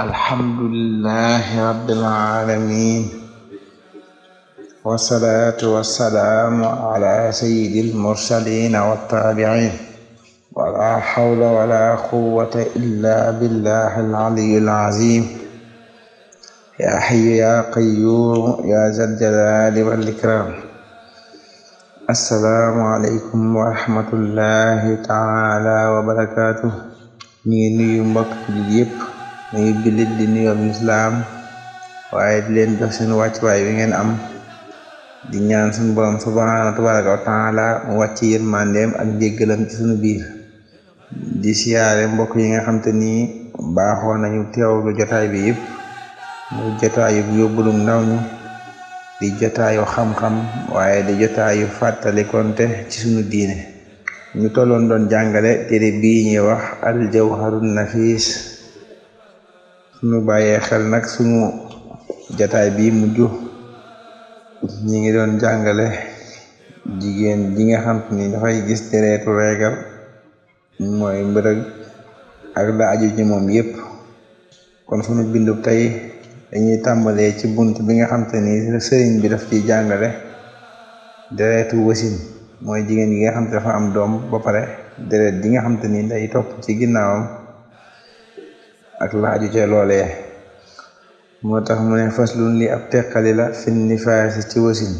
alhamdulilahi rabbil alamin wasalaatu wasalaamu ala sayyidil mursaliin wattaabi'iin wala hawla wala quwwata illa billahil aliyyil aziim yaa hayyu yaa qayyuum yaa zal jalaali wal ikraam assalaamu aleykum wa rahmatullahi taala wa barakaatuh ñi nuyu mbokk yi yépp nuyu di nuyoob lislaam waaye di leen jox seen wàccuwaay wi ngeen am di ñaan suñu borom subhaanahu tabaaraka la taala mu wàcc yërmandeem ak jéggalam ci suñu biir di siyaare mbokk yi nga xam te ni baaxoo nañu teewlu jotaay bi yëpp mu jotaayu yóbbulum ndaw ñu di jotaayu xam-xam waaye di jotaayu fàttalikonte ci suñu diine ñu tolloon doon jàngale téere bii ñuy wax al nafis suñu bàyyee xel nag suñu jataay bi mujj ñi ngi doon jàngale jigéen ji nga xam ni dafay gis dereetu reegal mooy mbërëg ak la aju ci moom yépp kon suñu bindub tey dañuy tàmbalee ci bunt bi nga xam te ni sëriñ bi daf ci jàngale dereetu wasin mooy jigéen gi nga xam te dafa am doom ba pare deret ji nga xam te ni day topp ci ginnaawam ak laaju ca loolee moo tax mu ne faslun li ab teqali la fin nifaasi ci wasin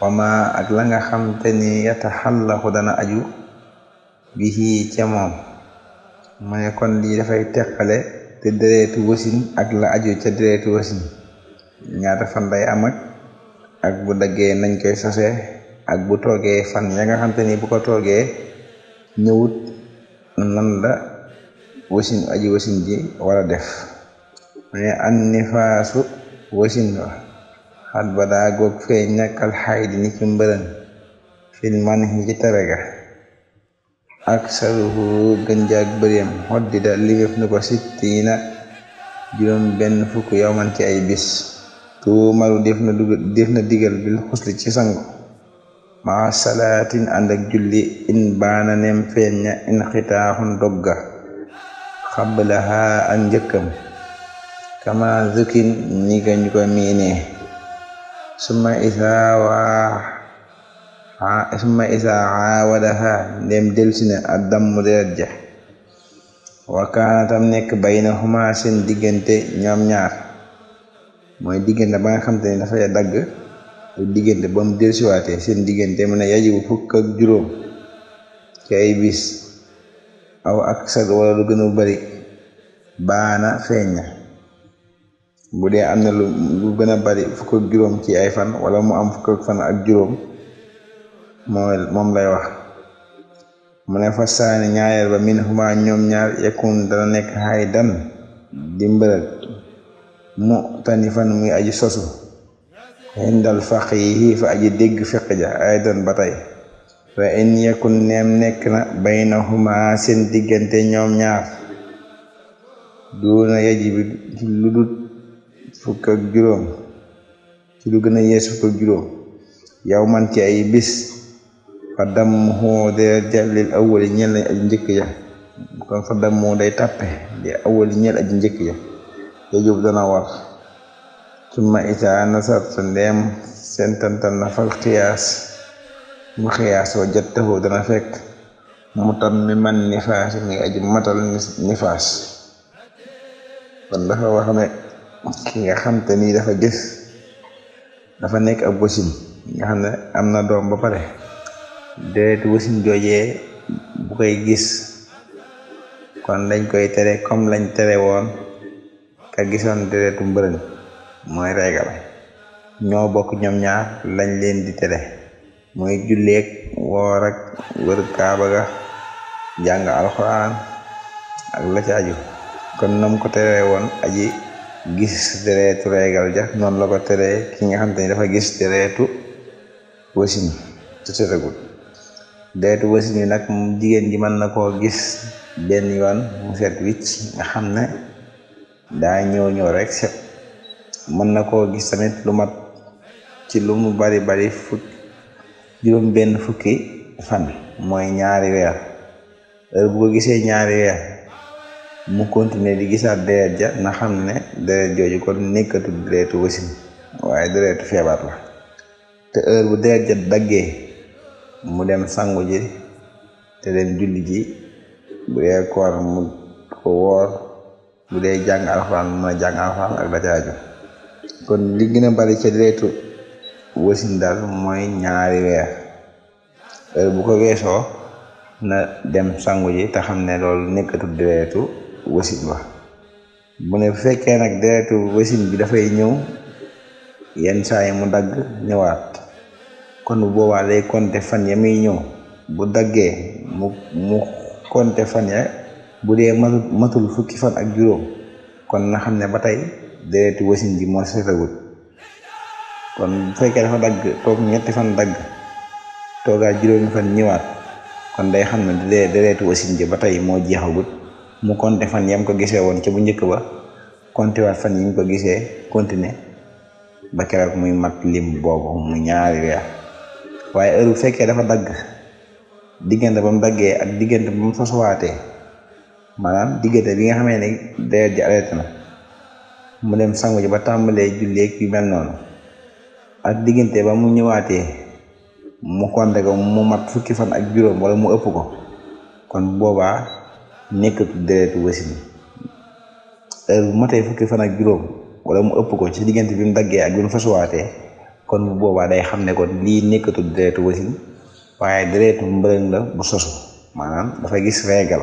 wama ak la nga xam te ni yataxallaxu dana aju bihi ca moom mu ne kon lii dafay teqale te dereetu wasin ak la aju ca dereetu wasin ñaata fan day am ak bu daggee nañ koy sosee ak bu toogee fan ya nga xam te ni bu ko toogee ñëwut nan la wasin aji wasin ji war a def mais an nifaasu wasin wa xat ba goog fee ñàkkal xaydi ni ki man ci tere ga ak saruhu gën jaag bëriyam xoddi da ligéf ko sittiina juróom benn fukk yowman ci ay bis tuumaru def na dugal def na digal bil xusli ci sangu ma salaatin ànd julli in baana nem feeñ in xitaaxun dogga xablaha ak njëkkam kama zukin ni ka ñu ko miinee summa isa waa summa isa aawadaha ndem delsi na ak dammu deret ja wa kaana tam nekk baynahuma seen diggante ñoom ñaar mooy diggante ba nga xam te ne dafay dagg diggante ba mu delsiwaatee seen diggante mu ne yajibu fukk ak juróom ci ay aw ak sag wala lu gën a bari baana feeñ na bu dee am na lu gën a bari fukk ak juróom ci ay fan wala mu am fukk ak fan ak juróom moom moom lay wax mu ne fa saani ñaareel ba min huma ñoom ñaar yakun dana nekk xaay dan di mbërëg mu tani fan muy aji sosu xindal faq yi fa aji dégg fiq ay dan batay fa in yakun neem nekk na bay baynahuma seen diggante ñoom ñaar duuna yajibi ci lu dut fukk ak juróom ci lu gën yees fukk juróom yow man ci ay bis fa dammu dee jalil awali ñeel lañ aji njëkk ya kon fa dammu day tàppe di awali ñeel aji njëkk ya yajub dana war summa isa nasarta ndeem seen tantan na fal xiyaas bu xiyaasoo jat taxu dana fekk mu tam mi man nifaas muy aji matal nifaas kon dafa wax ne ki nga xam te nii dafa gis dafa nekk ab wasin nga xam ne am na doom ba pare déet wasin joojee bu koy gis kon dañ koy tere comme lañ tere woon ka gisoon deretu mbërën mooy reegal ñoo bokk ñoom ñaar lañ leen di tere mooy julleeg woor ak wër kaaba ga jàng alxuraan ak la ci aju kon nam ko teree woon aji gis dereetu reegal ja noonu la ko teree ki nga xam te ni dafa gis dereetu wasin te setagul dereetu wasin nag jigéen ji mën na koo gis benn yoon mu set wicc nga xam ne daa ñëw ñëw rek set mën na ko gis tamit lu mat ci lu bari bari fukk juróom benn fukki fan mooy ñaari weer heure bu ko gisee ñaari weer mu continuer di gisaat deret ja na xam ne deret jooju kon nekkatul deretu wasin waaye deretu feebar la te heure bu deret ja daggee mu dem sangu te dem julli ji bu dee koor mu ko woor bu dee jàng alxuraan mu a jàng alxuraan ak la kon li bari ca deretu wasin daal mooy ñaari weer bu ko weesoo na dem sàngu ji te xam ne loolu nekkatu deretu wasin wa bu ne fekkee nag deretu wasin bi dafay ñëw yenn saa yi mu dagg ñëwaat kon bu boobaa lay konte fan ya muy ñëw bu daggee mu mu konte fan ya bu dee matul fukki fan ak juróom kon na xam ne ba tey deretu wasin ji moo setagut kon bu fekkee dafa dagg toog ñetti fan dagg toogaa juróomi fan ñëwaat kon day xam na dee dereetu wasin ji ba tey moo jeexagut mu konte fan yam ko gisee woon ca bu njëkk ba konte waat fan yi ñu ko gisee continuer ba keroog muy mat lim boobu mu ñaari weer waaye heure bu fekkee dafa dagg diggante ba daggee ak diggante ba mu sosuwaatee maanaam diggante bi nga xamee ne deret ji arrêté na mu dem sangu ji ba tàmbalee julleeg yu mel noonu ak diggante ba mu ñëwaatee mu konte mu mat fukki fan ak juróom wala mu ëpp ko kon boobaa nekkatu deretu wasin heure bu fan ak juróom wala mu ëpp ko ci diggante bi mu daggee ak bi fasuwaatee kon mu boobaa day xam ne kon lii nekkatu deretu wasin waaye deretu mbërëng la bu sosu maanaam dafa gis reegal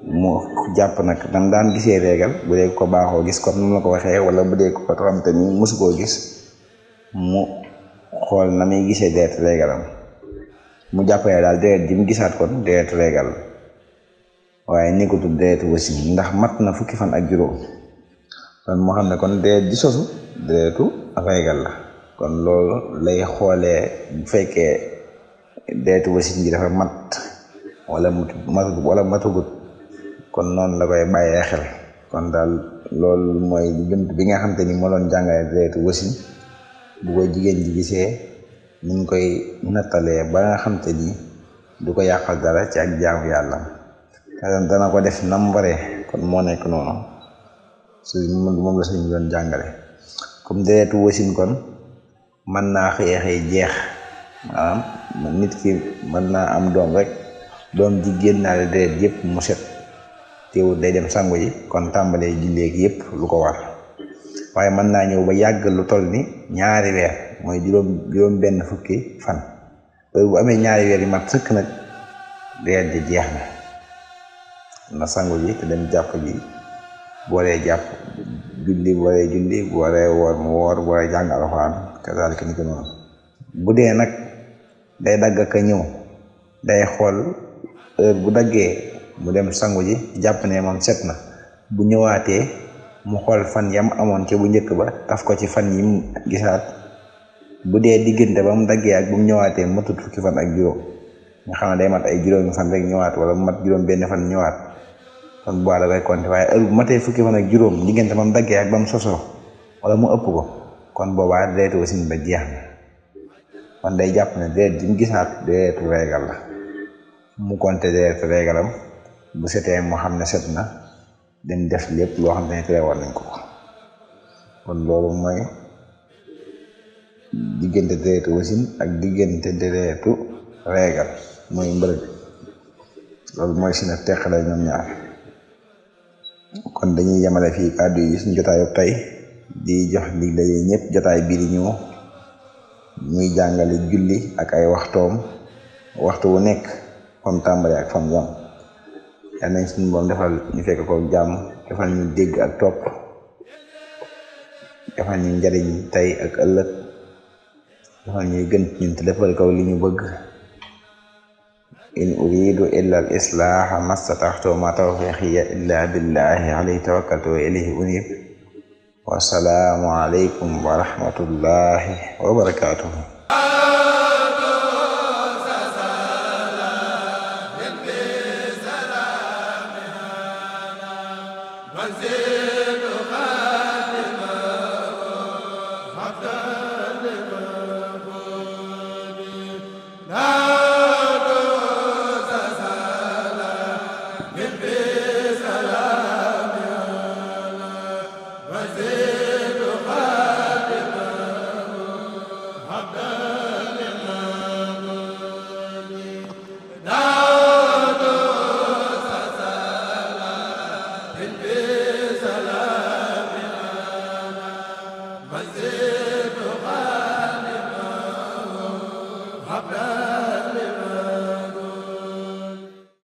mu jàpp nag nam daan gisee reegal bu dee ko baaxoo gis kon nam la ko waxee wala bu dee ko xam te ni mosu koo gis mu xool na muy gisee deret reegalam mu jàppale daal deret ji mu gisaat kon deret reegal waaye nekkatul deret wasin ndax mat na fukki fan ak juróom kon moo xam ne kon deret ji sosu deretu reegal la kon loolu lay xoolee bu fekkee deretu wasin ji dafa mat wala matu wala matugut kon noonu la koy bàyyee xel kon daal loolu mooy bi nga xam te ni moo doon jàngale deretu wasin bu ko jigéen ji gisee niñ koy nattalee ba nga xamte te ni du ko yàqal dara ci ak jaamu yàlla dana ko def nambare kon moo nekk noonu su moom la suñu doon jàngale comme deretu wasin kon mën naa xëyee jeex maanaam nit ki mën naa am doom rek doom ji génnaale deret yëpp mu set teewul day dem sangu yi kon tàmbalee julleek yëpp lu ko war waaye mën naa ñëw ba yàgg lu tol ni ñaari weer mooy juróom juróom benn fukki fan bu amee ñaari weer yi mat sëkk nag weer jeex na na sangu ji te dem jàpp ji boolee jàpp julli boolee julli boolee woor mu woor boolee jàng alxuraan kazaalika ni ko noonu bu dee nag day dagg ak a ñëw day xool bu daggee mu dem sangu ji jàpp ne moom set na bu ñëwaatee mu xool fan yam amoon ci bu njëkk ba taf ko ci fan yim gisaat bu dee diggante ba mu daggee ak bu mu ñëwaatee matut fukki fan ak juróom nga xam ne day mat ay juróomi fan rek ñëwaat wala mu mat juróom benn fan ñëwaat kon bu baax da koy compter waaye bu matee fukki fan ak juróom diggante ba mu daggee ak ba mu sosoo wala mu ëpp ko kon boobaa deretu wasin ba jeex na kon day jàpp ne deret di mu gisaat deretu reegal la mu compter deretu reegalam bu setee moo xam ne set na dem def lépp loo xam ne tere war nañ ko kon loolu mooy diggante deretu wasin ak diggante deretu reegal mooy mbërëg loolu mooy si na teqale ñoom ñaar kon dañuy yemale fii kàddu yi suñu jotaayu tey di jox dig daje ñëpp jotaay bii di ñëw muy jàngale julli ak ay waxtoom waxtu wu nekk fam tàmbali ak fam yam yal nañ suñu borom defal ñu fekk ko jàmm defal ñu dégg ak topp defal ñu njariñ tey ak ëllëg defal ñuy gën ñun te kaw li ñu bëgg in uridu illa al islaaha mastataxtu ma tawfiqiya illa billahi alayhi tawakkaltu wa ilayhi unib wasalaamu aleykum wa rahmatullahi